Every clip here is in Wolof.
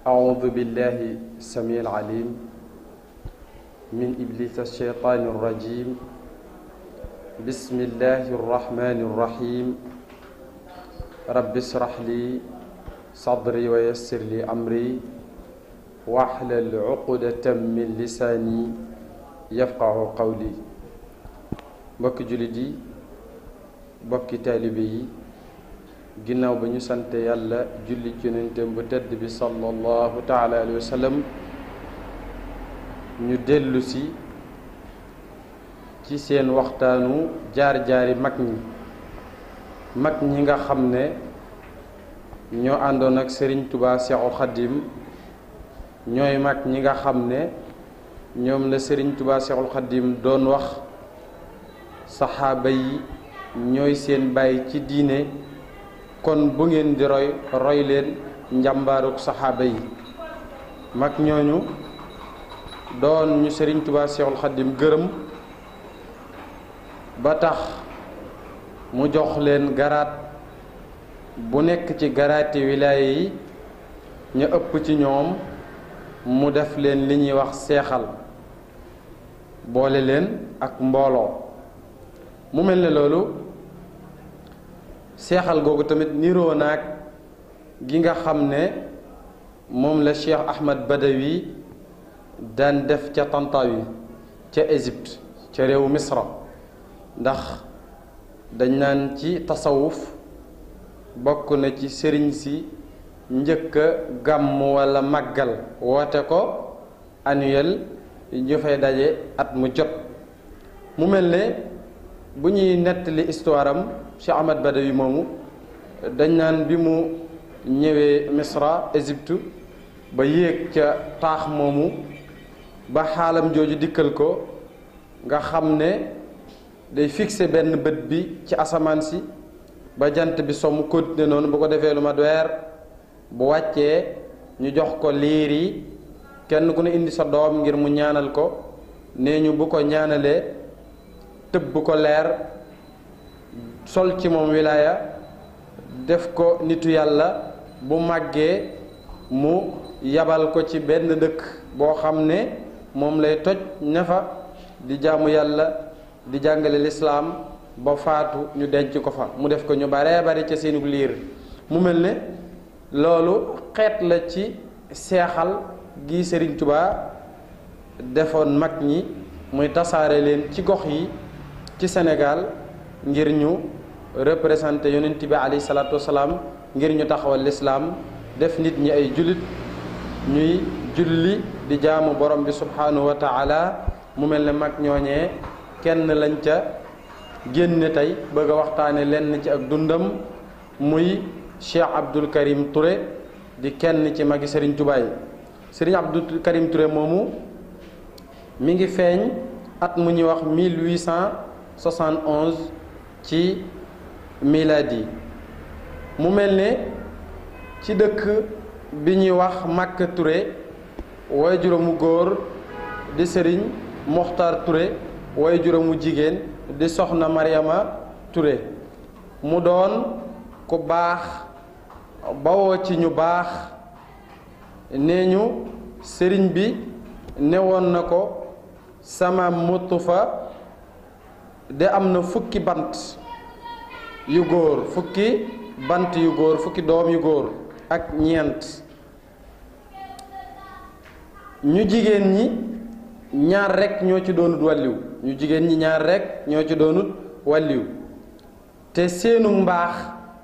أعوذ بالله السميع العليم من إبليس الشيطان الرجيم بسم الله الرحمن الرحيم رب اشرح لي صدري ويسر لي أمري واحلل عقدة من لساني يفقه قولي بك جلدي بك mbokki ginnaaw ba ñu sante yàlla julli ci yonentem bu tedd bi sallallahu taala alayhi wa ñu dellusi ci seen waxtaanu jaar-jaari mag ñi mag ñi nga xam ne ñoo àndoon ak Serigne ñooy mag ñi nga xam ne ñoom la Serigne Touba Cheikhul Khadim doon wax saxaaba yi ñooy seen bàyyi ci diine kon bu ngeen di roy roy leen njàmbaaruk saxaaba yi mag ñooñu doon ñu Serigne Touba cheikhul Xaddim gërëm ba tax mu jox leen garaat bu nekk ci garaati wilaaya yi ñu ëpp ci ñoom mu def leen li ñuy wax seexal boole leen ak mbooloo mu mel ne seexal googu tamit niroo naag gi nga xam ne moom la cheikh ahmad badawi daan def ca Tantawi ca Égypte ca réewu misra ndax dañ naan ci tasawuf bokk na ci sëriñ si njëkka a gàmm wala màggal woote ko annuel ñu fay daje at mu jot mu mel ne bu ñuy nettali histoire Cheikh Ahmad Badawi moomu dañ naan bi mu ñëwee Misra Égypte ba yéeg ca taax moomu ba xaalam jooju dikkal ko nga xam ne day fixé benn bët bi ci asamaan si ba jant bi somm continué noonu bu ko defee lu ma weer bu wàccee ñu jox ko liir yi kenn ku ne indi sa doom ngir mu ñaanal ko nee ñu bu ko ñaanalee tëbb ko leer sol ci moom wilaaya def ko nitu yàlla bu màggee mu yabal ko ci benn dëkk boo xam ne moom lay toj ne fa di jaamu yàlla di jàngale lislaam ba faatu ñu denc ko fa mu def ko ñu baree bari ca seenug liir mu mel ne loolu xeet la ci seexal gi Sëriñ Tuubaa defoon mag ñi muy tasaare leen ci gox yi ci Sénégal ngir ñu représenté yonent bi ali salatu wasalaam ngir ñu taxawal l'islam def nit ñi ay julit ñuy julli di jaamu borom bi subhanahu wa taala mu nyonye mak ñoñe gen kenn lañ ca genn tay bëgg waxtane lenn ci ak dundam muy Cheikh Abdul Karim Touré di kenn ci magi Serigne toubay Serigne Abdul Karim Touré momu mi ngi feñ at mu ñi wax 1871 ci milaa milaadi mu mel ne ci dëkk bi ñuy wax Makka Touré waaye juróomu góor di sëriñ Moxtaar Touré waaye juróomu jigéen di soxna Mariama ture mu doon ku baax bawoo ci ñu baax nee ñu sëriñ bi newoon na ko sama mutu fa de am na fukki bant yu góor fukki bant yu góor fukki doom yu góor ak ñeent ñu jigéen ñi ñaar rekk ñoo ci doonut wàlliw ñu jigéen ñi ñaar rekk ñoo ci doonut wàlliw te seenu mbaax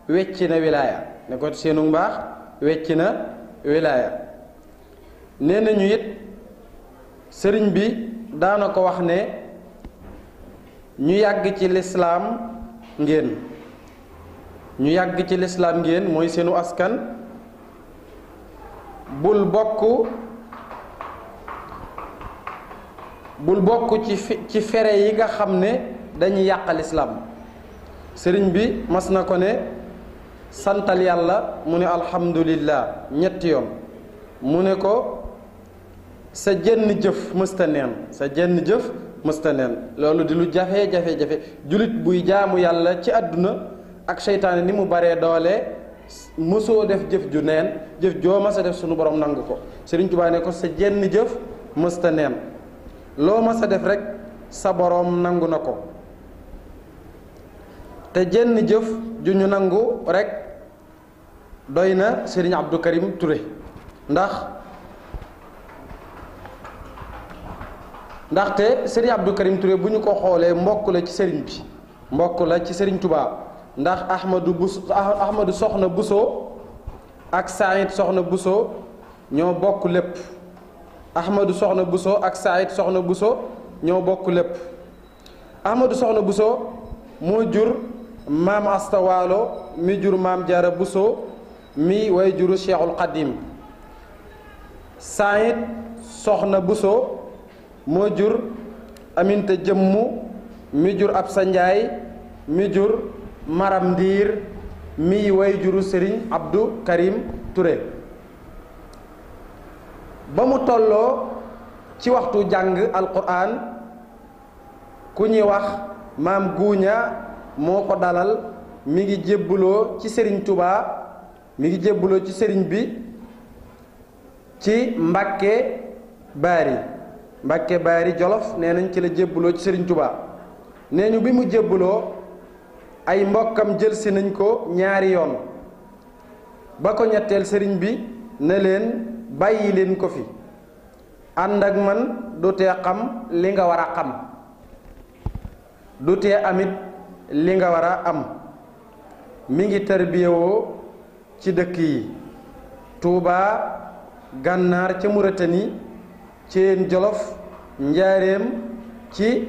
wecci na wilaaya ne ko seenu mbaax wecci na wilaaya nee nañu it sëriñ bi daana ko wax ne ñu yàgg ci lislaam ngeen ñu yàgg ci lislaam ngeen mooy seenu askan bul bokk bul bokk ci ci fere yi nga xam ne dañuy yàq lislaam sëriñ bi mas na ko ne santal yàlla mu ne alhamdulillah ñetti yoon mu ne ko sa jenn jëf mësta sa jenn jëf mësta loolu di lu jafe jafe jafe jullit buy jaamu yàlla ci àdduna ak shaytan ni mu bare doole muso def jëf ju neen jëf joo mas a def sunu borom nangu ko serigne touba ne ko sa jenn jëf musta neen loo mas a def rek sa borom nangu na ko te jenn jëf ju ñu nangu rek doy na Sëriñ Abdou Karim Touré ndax ndaxte serigne Abdou Karim Touré bu ñu ko xoolee mbokk la ci serigne bi mbokk la ci serigne touba ndax Ahmadou Bus Ahmadou Soxna ak Saïd Soxna Bousso ñoo bokk lépp Soxna Bousso ak Saïd Soxna Bousso ñoo bokk lépp Ahmadou Soxna Bousso moo jur maam Asta mi jur maam Jaara Bousso mi way juru Cheikhul Xadim Saïd Soxna Bousso moo jur Aminta Jëmmu mi jur sa Njaay mi jur maram ndiir mi way juru sëriñ Abdou Karim Touré ba mu tolloo ci waxtu jàng alquran ku ñuy wax maam guuña moo ko dalal mi ngi jébbaloo ci sëriñ Touba mi ngi jébbaloo ci sëriñ bi ci Mbàkke Baari Mbàkke Baari Jolof nee nañ ci la jébbaloo ci sëriñ Touba nee ñu bi mu jébbaloo ay mbokkam jël si nañ ko ñaari yoon ba ko ñetteel sëriñ bi ne leen bàyyi leen ko fi ànd ak man du tee xam li nga war a xam du tee amit li nga war a am mi ngi tarbiyewoo ci dëkk yi Touba gànnaar ca Mauritanie ceen Jolof njaareem ci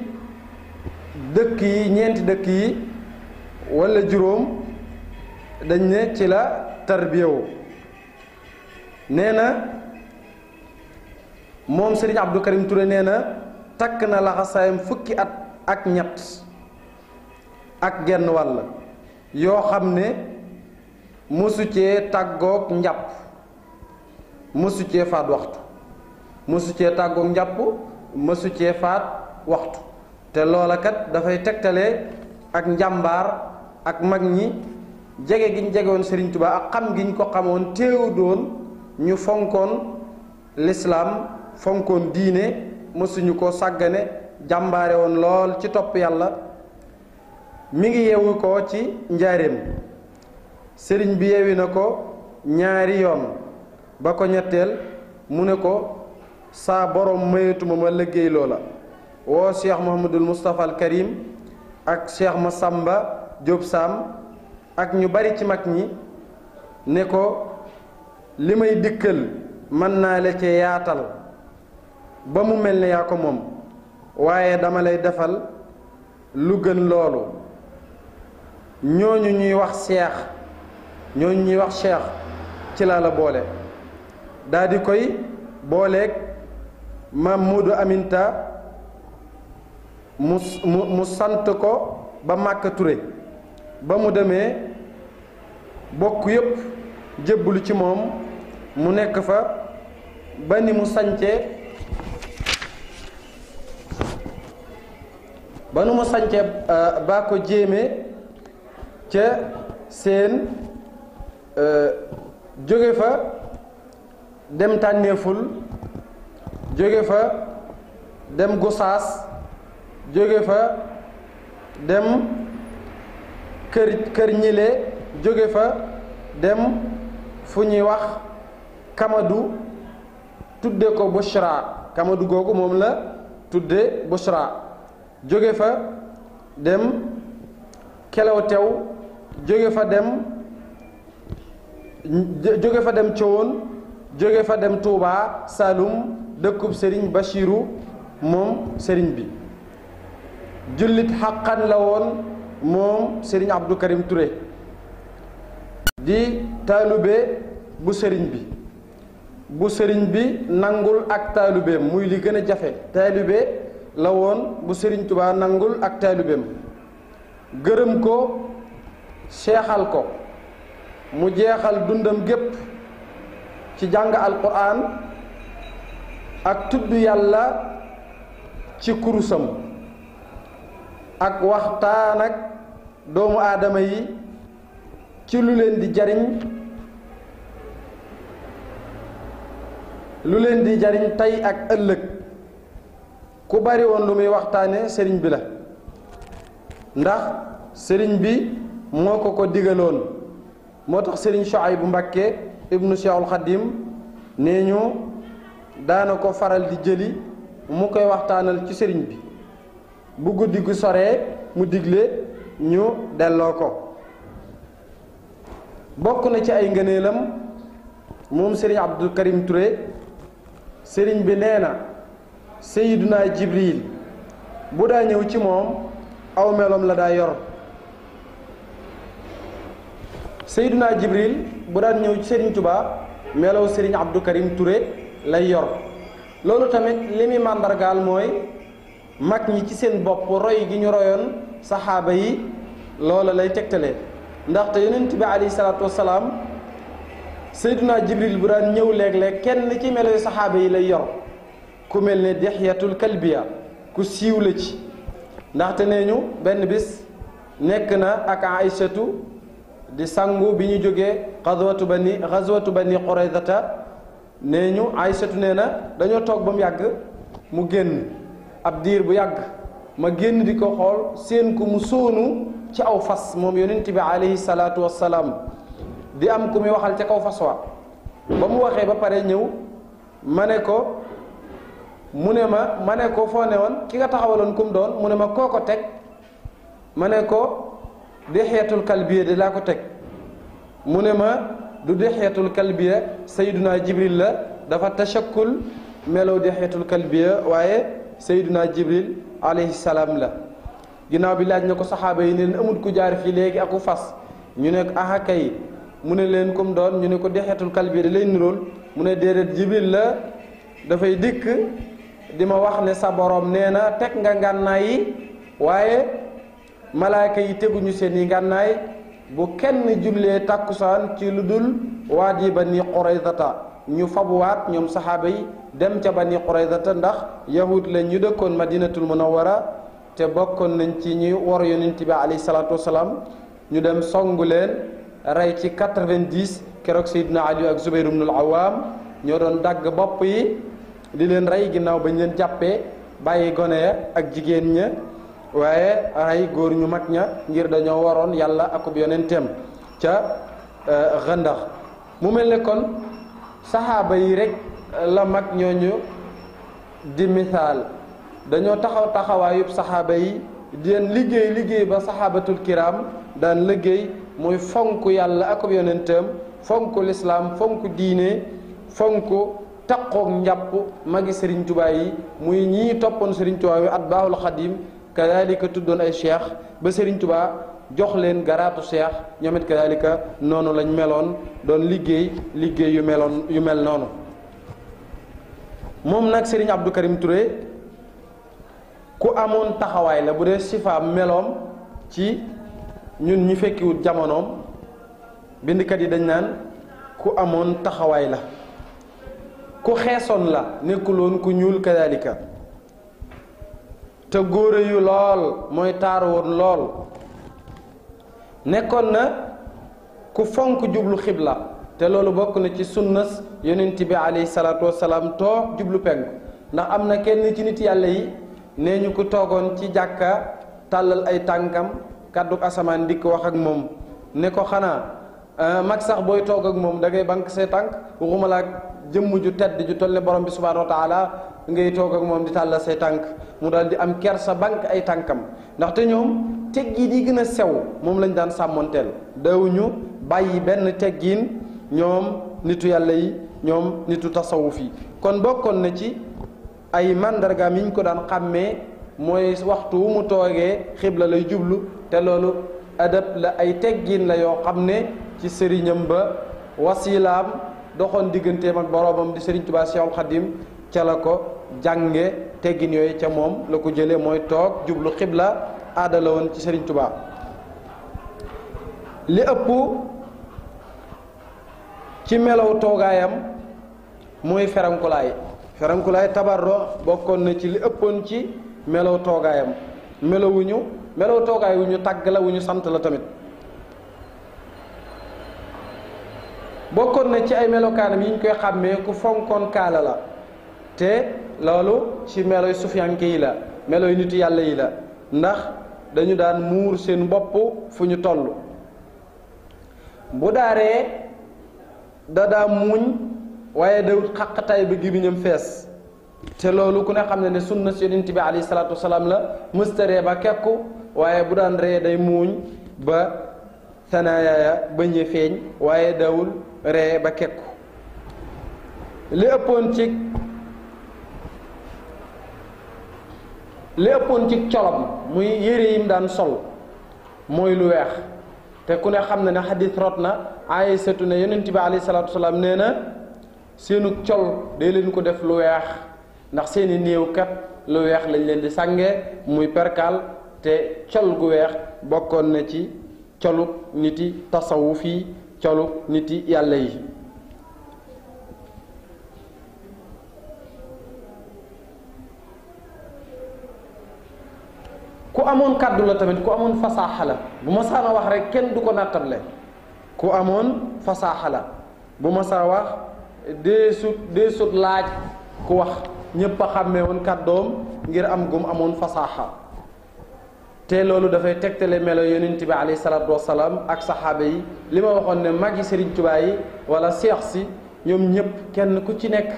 dëkk yi ñeenti dëkk yi wala juróom dañ ne ci la tarbiyawu nee na moom sëriñ Abdou Karim nee na takk na laxasaayam fukki at ak ñett ak genn wàll yoo xam ne mosu cee tàggoog njàpp mosu cee faat waxtu mosu cee tàggoog njàpp mosu cee faat waxtu te loola kat dafay tegtale ak njàmbaar ak mag ñi jege gi ñu sëriñ woon ak xam gi ko xamoon teewu doon ñu fonkoon lislaam fonkoon diine mësuñu ko sàggane jàmbaare woon lool ci topp yàlla mi ngi yeewu ko ci njaareem sëriñ bi yeewi na ko ñaari yoon ba ko ñetteel mu ne ko saa boroom mayetuma ma liggéey loola woo cheikh mohamadul moustapha karim ak cheikh ma sàmba Diop Sam ak ñu bari ci mag ñi ne ko li may dikkal mën naa la cee yaatal ba mu mel ne yaa ko moom waaye dama lay defal lu gën loolu ñooñu ñuy wax seex ñooñu ñuy wax seex ci laa la boole daal koy booleek maam Moodu Aminta mu mu sant ko ba Màkka Ture ba mu demee bokk yépp jébbalu ci moom mu nekk fa ba ni mu sance ba nu mu sance euh, baa ko jéeme ca seen euh, jóge fa dem tànneeful jóge fa dem gosaas jóge fa dem kër kër ñile jóge fa dem fu ñuy wax Kamadu tudde ko Bushra Kamadu googu moom la tudde Bushra jóge fa dem Kelewtew jóge fa dem jóge fa dem Thion jóge fa dem Touba Saloum dëkkub sëriñ Bachiru moom sëriñ bi jullit xaqan la woon moom Serigne Abdou Karim Touré di taalube bu sëriñ bi bu sëriñ bi nangul ak taalubeem muy li gën jafe taalube la woon bu sëriñ Tuubaa nangul ak taalubeem gërëm ko seexal ko mu jeexal dundam gépp ci jàng alquran ak tudd yàlla ci kurusam ak waxtaan ak doomu aadama yi ci lu leen di jariñ lu leen di jariñ tey ak ëllëg ku bari woon lu muy waxtaane sëriñ bi la ndax sëriñ bi moo ko ko digaloon moo tax sëriñ Shuaybu Mbàkke ibnu Cheikhul Xadim nee ñu daana ko faral di jëli mu koy waxtaanal ci sëriñ bi bu guddi gu soree mu digle ñu delloo ko bokk na ci ay ngëneelam moom sëriñ Abdou Karim Touré sëriñ bi nee na naa Jibril bu daa ñëw ci moom aw meloom la daa yor naa Jibril bu daan ñëw ci sëriñ Tuubaa melow sëriñ Abdou Karim Touré lay yor loolu tamit li muy màndargaal mooy mag ñi ci seen bopp roy gi ñu royoon saxaaba yi loola lay tegtale ndaxte yonent bi alayhi salaatu wasalaam sayduna jibril bu daan ñëw léeg-léeg kenn ci meloy saxaaba yi lay yor ku mel ni ne dexyatul kalbiya ku siiw la ci ndaxte nee ñu benn bis nekk na ak aïchatu di sangu bi ñu jógee xazwatu bani xazwatu bani nee ñu aïchatu nee na dañoo toog ba mu yàgg mu génn ab diir bu yàgg ma génn di ko xool seen ku mu sóonu ci aw fas moom yonent bi alayhi salaatu wassalaam di am ku muy waxal ca kaw fas wa ba mu waxee ba pare ñëw ma ne ko mu ne ma ma ne ko foo ne woon ki nga taxawaloon kum doon mu ne ma koo ko teg ma ne ko dexeetul kalbiya de laa ko teg mu ne ma du dexeetul kalbiya naa jibril la dafa tashakkul meloo dexeetul kalbiya waaye Seydina Jibril alayhi salaam la ginnaaw bi laaj na ko saxaaba yi ne leen amul ku jaar fii léegi aku fas ñu ne aha kay mu ne leen comme doon ñu ne ko dexetul kalbi da leen nirool mu ne déedéet Jibril la dafay dikk di ma wax ne sa borom nee na teg nga ngànnaay yi waaye malaaka yi teguñu seeni i ngànnaay bu kenn jullee takkusaan ci lu dul waa waadi bani Quraydata ñu fabuwaat ñoom saxaaba yi dem ca bani quraydata ndax yahud la ñu dëkkoon madinatul munawara te bokkoon nañ ci ñuy wor yonent bi alayhi salaatu wasalaam ñu dem songu leen rey ci 90 keroog sayidna ali ak zubair ibn al awam ñoo doon dagg bopp yi di leen rey ginnaaw bañ leen jàppee bàyyi gone ya ak jigéen ña waaye rey góor ñu mag ña ngir dañoo waroon yàlla akub yonentem ca xëndax euh, mu mel kon saxaaba yi rekk la mag ñooñu di misaal dañoo taxaw taxawaayub saxaaba yi di liggéey liggéey ba saxaabatul kiram daan liggéey muy fonk yàlla akub yonentam fonk lislaam fonk diine fonk taqoog njàpp magi Serigne tubaay yi muy ñii toppoon Serigne Touba wi at baaxul xadim kadalika tuddoon ay cheikh ba Serigne Touba jox leen garaatu seex ñoom it noonu lañ meloon doon liggéey liggéey yu meloon yu mel noonu moom nag Serigne Abdou Karim Touré ku amoon taxawaay la bu dee sifaam meloom ci ñun ñu fekkiwut jamonoom bindkat yi dañ naan ku amoon taxawaay la ku xeesoon la nekkuloon ku ñuul kadalika te góore yu lool mooy taaru woon lool nekkoon na ku fonk jublu xibla te loolu bokk na ci sunnas yonent bi alayhi salatu wassalam to jublu peng ndax am na kenn ci nit yàlla yi neñu ñu ko toogoon ci jàkka tàllal ay tànkam kaduk asamaan dikk wax ak moom ne ko xanaa euh, mag sax booy toog ak moom da bank say tànk waxuma la jëmm ju tedd ju toll ne borom bi subhanahu wa taala ngay toog ak moom di tàllal say tànk mu daal di am kersa bank ay tànkam ndaxte ñoom teggin yi gën a sew moom lañ daan sàmmoonteel dawuñu bàyyi benn teggiin ñoom nitu yàlla yi ñoom nitu tasawu fii kon bokkoon na ci ay mandargaam yi ñu ko daan xàmmee mooy waxtu mu toogee xibla lay jublu te loolu adab la ay teggin la yoo xam ne ci sëriñam ba wasilaam doxoon digganteem ak boroomam di sëriñ Tuubaa Seexul Xadim ca la ko jànge teggin yooyu ca moom la ko jëlee mooy toog jublu xibla aada woon ci Serigne Touba li ëpp ci melow toogaayam mooy ferankulaay ferankulaay tabarro bokkoon na ci li ëppoon ci melow toogaayam melawuñu melaw toogaay wu ñu tàgg la wu sant la tamit bokkoon na ci ay melokaanam yi ñu koy xàmmee ku fonkoon kaala la te loolu ci meloy sufiyanke yi la meloy nitu yàlla yi la ndax dañu daan muur seen bopp fu ñu toll bu daaree da daa muñ waaye dawut xaqataay ba gémmiñam fees te loolu ku ne xam ne ne sunna si yonent bi alayhi salaatu wasalaam la mëstaree ba kekku waaye bu daan ree day muuñ ba sanaayaaya bañ feeñ waaye dawul ree ba kekku li ëppoon ci li ëppoon ci colam muy yére yim daan sol mooy lu weex te ku ne xam na ne xadis rot na setu ne yonent bi alayhi salaatu wasalaam nee na seenu col day leen ko def lu weex ndax seeni néew kat lu weex lañ leen di sànge muy perkaal te col gu weex bokkoon na ci colu niti tasawuf fii colu niti yàlla yi ku amoon kàddu la tamit ku amoon fasaaxa la bu ma saan wax rek kenn du ko nattable ku amoon fasaaxa la bu masaa saa wax dee sut laaj ku wax ñépp a xàmmee woon kàddoom ngir am gum amoon fasaaxa te loolu dafay tegtale melo yonent bi alayhi salaatu wasalaam ak saxaaba yi li ma waxoon ne magi Sëriñ Tuubaa yi wala seex si ñoom ñépp kenn ku ci nekk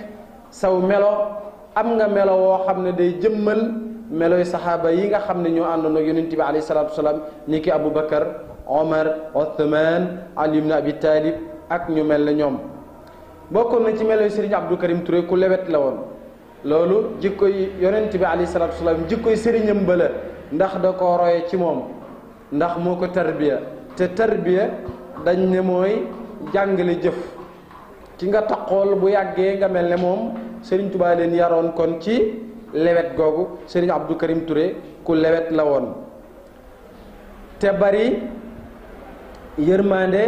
saw melo am nga melo woo xam ne day jëmmal meloy saxaaba yi nga xam ne ñoo àndoon ak yonent bi alayhi salaatu wasalaam ni ki Abu Bakar Omar Othman Ali ibn Abi Talib ak ñu mel ne ñoom bokkoon na ci meloy Serigne Abdou Karim Touré ku lewet la woon loolu jikkoy yonent bi alayhi salaatu wasalaam jikkoy sëriñam ba la ndax da koo roye ci moom ndax moo ko tarbiya te tarbiya dañ ne mooy jàngale jëf ki nga taqool bu yàggee nga mel ne moom Serigne Touba leen yaroon kon ci lewet googu sëriñ Abdou Karim Touré ku lewet la woon te bari yërmande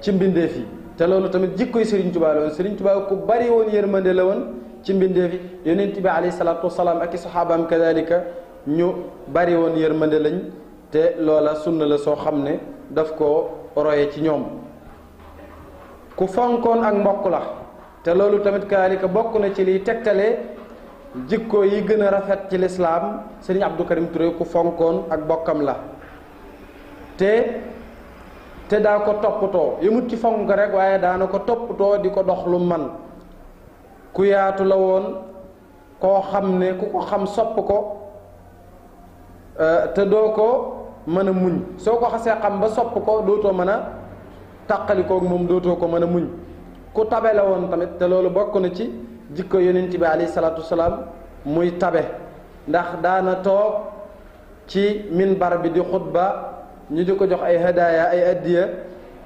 ci mbindeef yi te loolu tamit jikkoy sëriñ Tuubaa la woon sëriñ Tuubaa ku bari woon yërmande la woon ci mbindeef yi yonent bi alayhi salaatu wasalaam ak i saxaabaam kadalika ñu bari woon yërmande lañ te loola sunna la soo xam ne daf ko roye ci ñoom ku fonkoon ak mbokk la te loolu tamit kadalika bokk na ci liy tegtale jikko yi gën a rafet ci lislaam sëriñ Abdou Karim Touré ku fonkoon ak bokkam la te te daa ko toppatoo yëmut ci fonk rek waaye daana ko toppatoo di ko dox lu man ku yaatu la woon koo xam ne ku ko xam sopp ko euh, te doo ko mën a muñ soo ko xasee xam ba sopp ko dootoo mën a tàqalikoog moom dootoo ko mën a muñ ku tabe la woon tamit te loolu bokk na ci jikko yonent bi alayhi salaatu wasalaam muy tabe ndax daana toog ci min minbar bi di xutba ñu di ko jox ay hadaaya ay addiya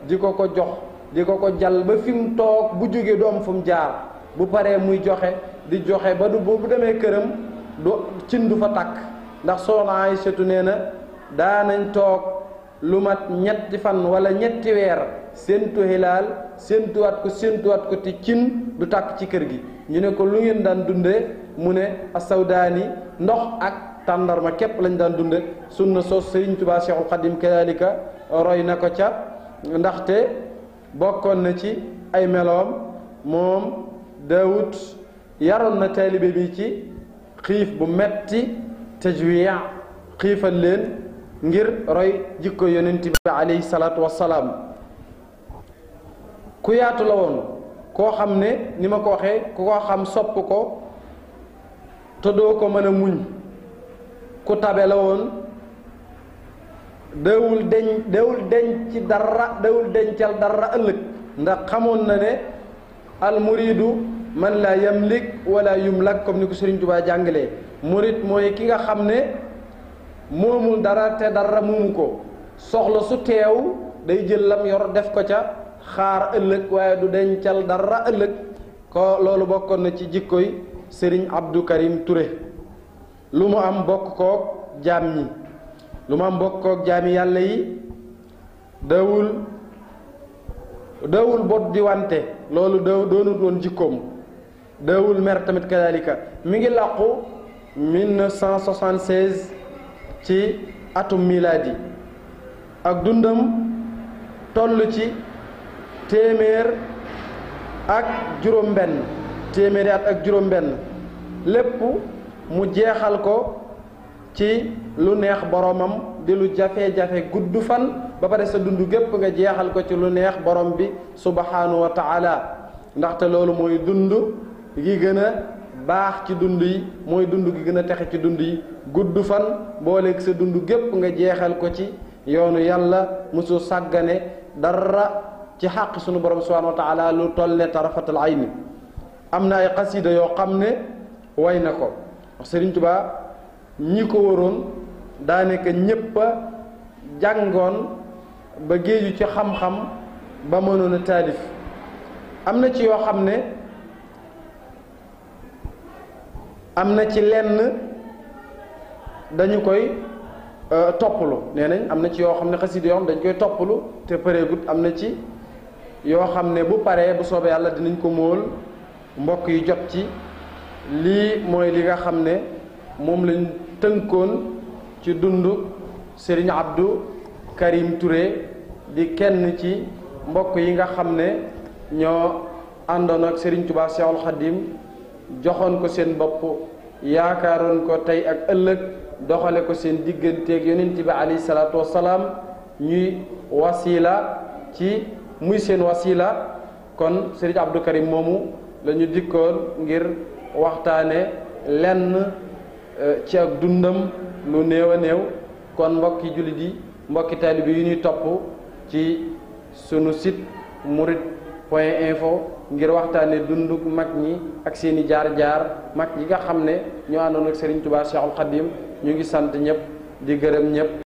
di ko ko jox di ko ko jàll ba fi toog bu jógee du am fu jaar bu paree muy joxe di joxe ba du bu demee këram du cin du fa takk ndax soxna setu nee na daanañ toog lu mat ñetti fan wala ñetti weer séentu hilaal séentuwaat ko séentuwaat ko te cin du tàkk ci kër gi ñu ne ko lu ngeen daan dunde mu ne asawdaani ndox ak tàndarma képp lañ daan dunde sunna soos Sëriñ Tubaa Seexul Xadim kadalika roy na ko ca ndaxte bokkoon na ci ay meloom moom Daawud yaroon na taalibe bi ci xiif bu metti tajwiya xiifal leen ngir roy jikko yonenti bi alayhi salatu wassalam ku yaatu lawon ko xamne nima ko waxe ku ko xam sop ko to do ko meuna muñ ku tabe lawon deul deñ deul deñ ci dara deñ na dara euleuk ndax xamoon na ne al muridu man la yamlik wala yumlak comme ni ko Serigne Touba jangale murid moy ki nga xamne moomul dara te dara moomu ko soxla su teew day jël lam yor def ko ca xaar ëllëg waaye du dencal dara ëllëg ko loolu bokkoon na ci jikkoy Serigne Abdou Karim Touré lu mu am bokk koog jaam ñi lu mu am bokk koog jaami yàlla yi dawul dawul bot di wante loolu daw doonut woon jikkoom dawul mer tamit kadalika mi ngi làqu 1976 ci atum milaad yi ak dundam toll ci téeméer ak juróom-benn téeméeri at ak juróom-benn lépp mu jeexal ko ci lu neex boroomam di lu jafe-jafe gudd fan bapare sa dund gépp nga jeexal ko ci lu neex borom bi subhaanahu wa taala ndaxte loolu mooy dund gi gën baax ci dund yi mooy dund gi gën a texe ci dund yi gudd fan booleeg sa dund gépp nga jeexal ko ci yoonu yàlla mosu sàggane dara ci xàq sunu borom subhanahu wa taala lu toll ne tarafatal ayni am na ay xasida yoo xam ne way na ko Sëriñ Tuubaa ñi ko waroon daanaka ñépp jàngoon ba géeju ci xam-xam ba mënoon taalif am na ci yoo xam ne am na ci lenn dañu koy euh, toppalu nee nañ am na ci yoo xam ne xasida yoo xam dañ koy toppalu te pareegut am na ci yoo xam ne bu paree bu soobee yàlla dinañ ko móol mbokk yi jot ci lii mooy li nga xam ne moom lañ tënkoon ci dund Serigne Abdou Karim Touré di kenn ci mbokk yi nga xam ne ñoo àndoon ak sëriñ Touba Cheikhoul Khadim joxoon ko seen bopp yaakaaroon ko tey ak ëllëg doxale ko seen diggante digganteeg yonent bi alayhi salaatu wasalaam ñuy wasila ci muy seen wasila kon sëriñ Abdou Karim moomu lañu dikkoon ngir waxtaane lenn euh, ci ak dundam lu néew a néew kon mbokki jullit yi mbokki taalibe yu ñuy topp ci sunu sit murit point info ngir waxtaane dunduk mag ñi ak seeni jaar-jaar mag yi nga xam ne ñoo àndoon ak Serigne Touba Cheikhul Khadim ñu ngi sant ñëpp di gërëm ñëpp